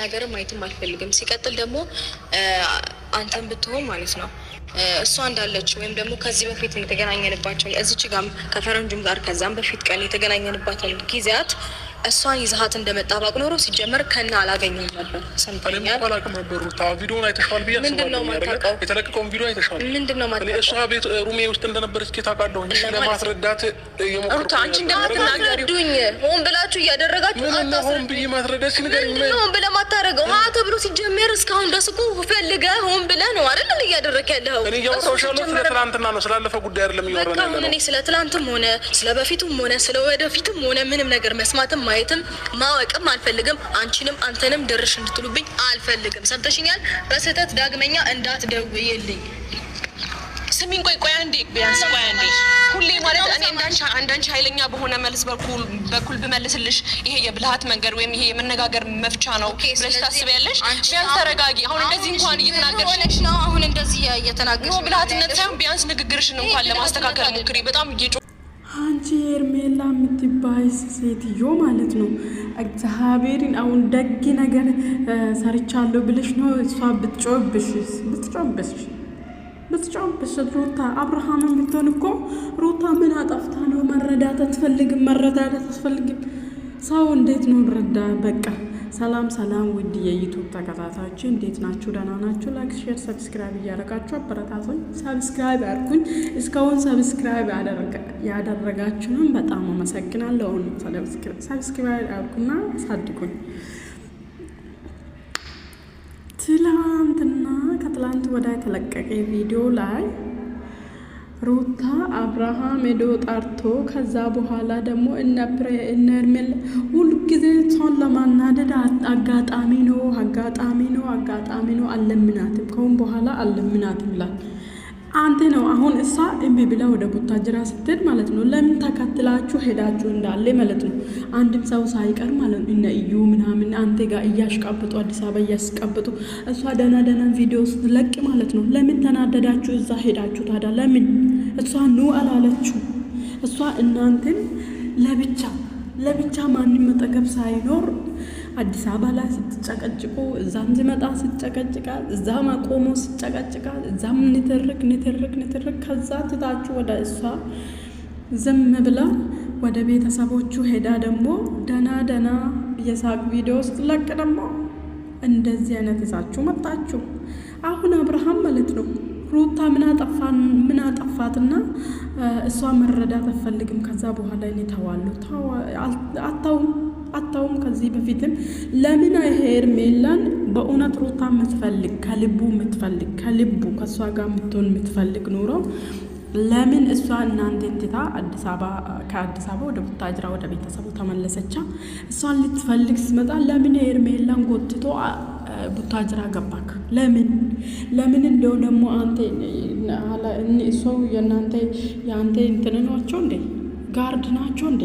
ነገርም ማየትም አልፈልግም። ሲቀጥል ደግሞ አንተን ብትሆን ማለት ነው እሷ እንዳለች ወይም ደግሞ ከዚህ በፊት የተገናኘንባቸው እዚች ጋም ከፈረንጁም ጋር ከዛም በፊት ቀን የተገናኘንባትን ጊዜያት እሷን ይዛሀት እንደመጣ ባቅ ኖሮ ሲጀመር ከና አላገኘም ነበር። ሰምተኛል አላውቅም ነበር። ሩታ ቪዲዮን አይተሻል ብዬ ምንድነው ማታውቀው? የተለቀቀውን ቪዲዮ አይተሻል ምንድነው ማታውቀው? እሷ ቤት ሩሜ ውስጥ እንደነበረች ታውቃለሁ ለማስረዳት ሩታ አንቺ እንደምትናገሪኝ ሆን ብላችሁ እያደረጋችሁ ሆን ብዬ ማስረዳት ምንድን ሆን ብለህ ማታደርገው ሀ ተብሎ ሲጀመር እስካሁን ድረስ እኮ ፈልገህ ሆን ብለህ ነው አይደል እያደረግህ ያለኸው። እኔ እያወራሁሻለሁ ስለ ትናንትና ነው፣ ስላለፈ ጉዳይ አይደለም እያወራን ያለነው። በቃ እኔ ስለ ትናንትም ሆነ ስለ በፊቱም ሆነ ስለ ወደፊትም ሆነ ምንም ነገር መስማትም ማየትም ማወቅም አልፈልግም። አንቺንም አንተንም ድርሽ እንድትሉብኝ አልፈልግም። ሰምተሽኛል? በስህተት ዳግመኛ እንዳትደውይልኝ ስሚን፣ ቆይ ቆይ አንዴ ቢያንስ ቆይ አንዴ። ሁሌ ማለት እኔ እንዳንቺ ኃይለኛ በሆነ መልስ በኩል በኩል ብመልስልሽ ይሄ የብልሃት መንገድ ወይም ይሄ የመነጋገር መፍቻ ነው ብለሽ ታስቢያለሽ? ቢያንስ ተረጋጊ። አሁን እንደዚህ እንኳን እየተናገርሽ ነው። አሁን እንደዚህ እየተናገርሽ ነው። ብልሃትነት ሳይሆን ቢያንስ ንግግርሽን እንኳን ለማስተካከል ሞክሪ። በጣም እየጮ አንቺ ሄርሜላ የምትባይ ሴትዮ ማለት ነው። እግዚአብሔርን አሁን ደግ ነገር ሰርቻለሁ ብልሽ ነው እሷ ብትጮብሽ ብትጮብሽ የምትጫወትበት ሩታ አብርሃምን ብትሆን እኮ ሩታ ምን አጠፍታ ነው? መረዳት አትፈልግም፣ መረዳት አትፈልግም። ሰው እንዴት ነው ረዳ? በቃ ሰላም ሰላም፣ ውድ የዩቱብ ተከታታዮች እንዴት ናችሁ? ደህና ናችሁ? ላይክ፣ ሼር፣ ሰብስክራይብ እያደረጋችሁ አበረታቶኝ ሰብስክራይብ ያርኩኝ። እስካሁን ሰብስክራይብ ያደረጋችሁንም በጣም አመሰግናለሁ። ሰብስክራይብ ያርኩና አሳድጉኝ። ትላንት ከትላንት ወዳ የተለቀቀ ቪዲዮ ላይ ሩታ አብርሃም ሄዶ ጣርቶ ከዛ በኋላ ደግሞ እነርሜል ሁልጊዜ ሰውን ለማናደድ አጋጣሚ ነው አጋጣሚ ነው አጋጣሚ ነው አለምናትም ከሁን በኋላ አለምናትም ላል አንተ ነው አሁን እሷ እምቢ ብላ ወደ ቡታጅራ ስትሄድ ማለት ነው። ለምን ተከትላችሁ ሄዳችሁ እንዳለ ማለት ነው። አንድም ሰው ሳይቀር ማለት ነው። እነ እዩ ምናምን አንተ ጋር እያሽቀብጡ አዲስ አበባ እያስቀብጡ እሷ ደህና ደህና ቪዲዮ ስትለቅ ማለት ነው። ለምን ተናደዳችሁ? እዛ ሄዳችሁ ታዲያ ለምን እሷ ኑ አላለችሁ? እሷ እናንተን ለብቻ ለብቻ ማንም መጠገብ ሳይኖር አዲስ አበባ ላይ ስትጨቀጭቁ እዛም ዝመጣ ስትጨቀጭቃል፣ እዛም አቆሞ ስትጨቀጭቃል፣ እዛም ንትርክ ንትርክ ንትርክ። ከዛ ትታችሁ ወደ እሷ ዝም ብላ ወደ ቤተሰቦቹ ሄዳ ደግሞ ደና ደና የሳቅ ቪዲዮ ስትለቅ ደግሞ እንደዚህ አይነት ይዛችሁ መጣችሁ። አሁን አብርሃም ማለት ነው ሩታ ምን አጠፋትና እሷ መረዳት አትፈልግም። ከዛ በኋላ እኔ ተዋሉ አታውም አታውም ከዚህ በፊትም ለምን አይሄር ሜላን በእውነት ሩታ የምትፈልግ ከልቡ የምትፈልግ ከልቡ ከእሷ ጋር የምትሆን የምትፈልግ ኑሮ ለምን እሷ እናንተ እንትታ አዲስ አበባ ከአዲስ አበባ ወደ ቡታጅራ ወደ ቤተሰቡ ተመለሰቻ? እሷን ልትፈልግ ስመጣ ለምን ሄርሜላን ጎትቶ ቡታጅራ ገባክ? ለምን ለምን እንደው ደግሞ አንተ እሱ የእናንተ የአንተ እንትን ናቸው እንዴ ጋርድ ናቸው እንዴ?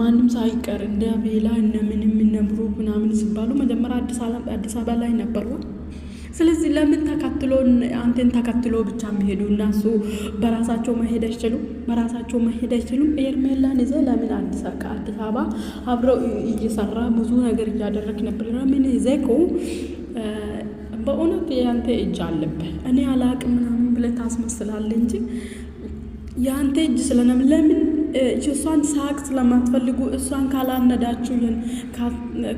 ማንም ሳይቀር እንደ ቤላ እነ ምንም እነ ብሩክ ምናምን ሲባሉ መጀመሪያ አዲስ አበባ ላይ ነበሩ። ስለዚህ ለምን ተከትሎ አንተን ተከትሎ ብቻ የሚሄዱ እናሱ በራሳቸው መሄድ አይችሉም? በራሳቸው መሄድ አይችሉም? ኤርሜላን ይዘ ለምን አዲስ ከአዲስ አበባ አብረው እየሰራ ብዙ ነገር እያደረግ ነበር። ለምን ይዘቁ? በእውነት ያንተ እጅ አለበት። እኔ አላቅ ምናምን ብለህ ታስመስላለህ እንጂ የአንተ እጅ ስለነም ለምን እሷን ሳቅ ስለማትፈልጉ እሷን ካላነዳችሁልን፣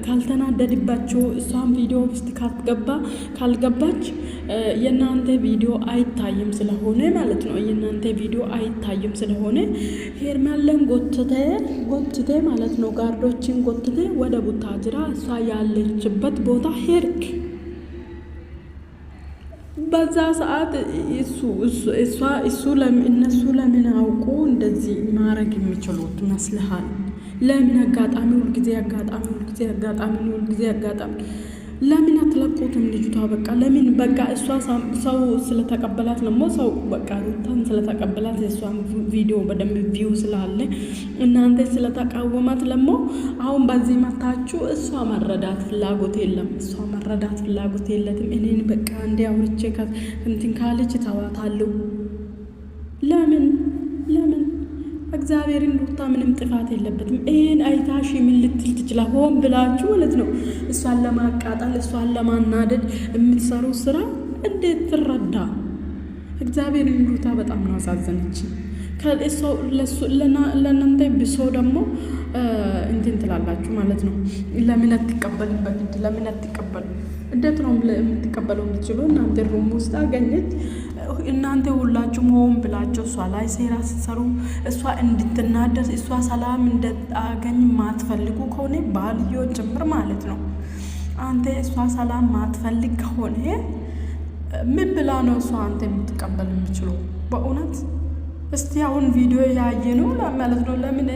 ካልተናደድባችሁ፣ እሷን ቪዲዮ ውስጥ ካትገባ ካልገባች የእናንተ ቪዲዮ አይታይም ስለሆነ ማለት ነው። የእናንተ ቪዲዮ አይታይም ስለሆነ ሄርማለን ጎትተ ጎትተ ማለት ነው ጋርዶችን ጎትተ ወደ ቡታጅራ እሷ ያለችበት ቦታ ሄርክ በዛ ሰዓት እሱ እሷ እሱ እነሱ ለምን አውቁ እንደዚህ ማድረግ የሚችሉት መስልሃል? ለምን አጋጣሚ ሁልጊዜ አጋጣሚ ሁልጊዜ አጋጣሚ ሁልጊዜ አጋጣሚ ለምን አትለቁትም? ልጅቷ በቃ ለምን በቃ እሷ ሰው ስለተቀበላት ደግሞ ሰው በቃ ሩታን ስለተቀበላት የእሷን ቪዲዮ በደንብ ቪው ስላለ እናንተ ስለተቃወማት ለሞ አሁን በዚህ መታችሁ። እሷ መረዳት ፍላጎት የለም፣ እሷ መረዳት ፍላጎት የለትም። እኔን በቃ እንዲ አውርቼ እንትን ካለች ተዋታለሁ። ለምን ለምን እግዚአብሔርን ሩታ ምንም ጥፋት የለበትም። ይህን አይታሽ ምን ልትል ትችላል? ሆን ብላችሁ ማለት ነው እሷን ለማቃጠል እሷን ለማናደድ የምትሰሩ ስራ እንዴት ትረዳ? እግዚአብሔርን ሩታ በጣም ነው አሳዘነች። ለእናንተ ብሶ ደግሞ እንትን ትላላችሁ ማለት ነው። ለምን አትቀበልም? ለምን አትቀበልም? እንዴት ነው የምትቀበለው? የምትችሉ እናንተ ሩም ውስጥ አገኘች እናንተ ሁላችሁም ሆን ብላችሁ እሷ ላይ ሴራ ስትሰሩ እሷ እንድትናደስ እሷ ሰላም እንዳታገኝ ማትፈልጉ ከሆነ ባልዮ ጭምር ማለት ነው። አንተ እሷ ሰላም ማትፈልግ ከሆነ ምን ብላ ነው እሷ አንተ የምትቀበል የምችለው? በእውነት እስቲ አሁን ቪዲዮ ያየ ነው ማለት ነው። ለምን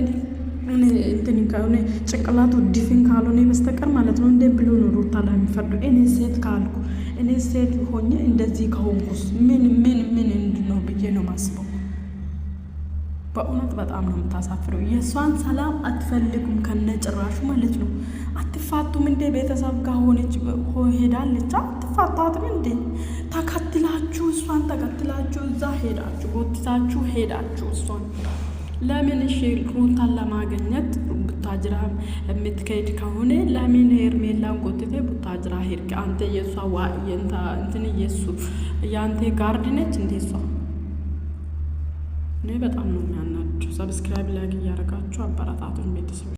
እንትን ከሆነ ጭንቅላቱ ድፍን ካልሆነ በስተቀር ማለት ነው። እንደ ብሎ ኖሮታ ላይ የሚፈርዱ እኔ ሴት ካልኩ እኔ ሴት ሆኜ እንደዚህ ከሆንኩስ ምን ምን ምን እንድነው ብዬ ነው ማስበው። በእውነት በጣም ነው የምታሳፍረው። የእሷን ሰላም አትፈልጉም ከነ ጭራሹ ማለት ነው። አትፋቱም እንዴ? ቤተሰብ ጋር ሆነች ሄዳለች። አትፋታትም እንዴ? ተከትላችሁ እሷን ተከትላችሁ እዛ ሄዳችሁ ጎትታችሁ ሄዳችሁ እሷን ለምን እሺ ሩታን ለማግኘት ቡታጅራ የምትከሄድ ከሆነ ለምን ሄርሜላን ጎትቴ ቡታጅራ ሄድክ? አንተ የእሷ እንትን የሱ የአንተ ጋርድ ነች እንዴ እሷ? እኔ በጣም ነው የሚያናችሁ። ሰብስክራይብ ላይክ እያደረጋችሁ አበረታቱን ቤተሰብ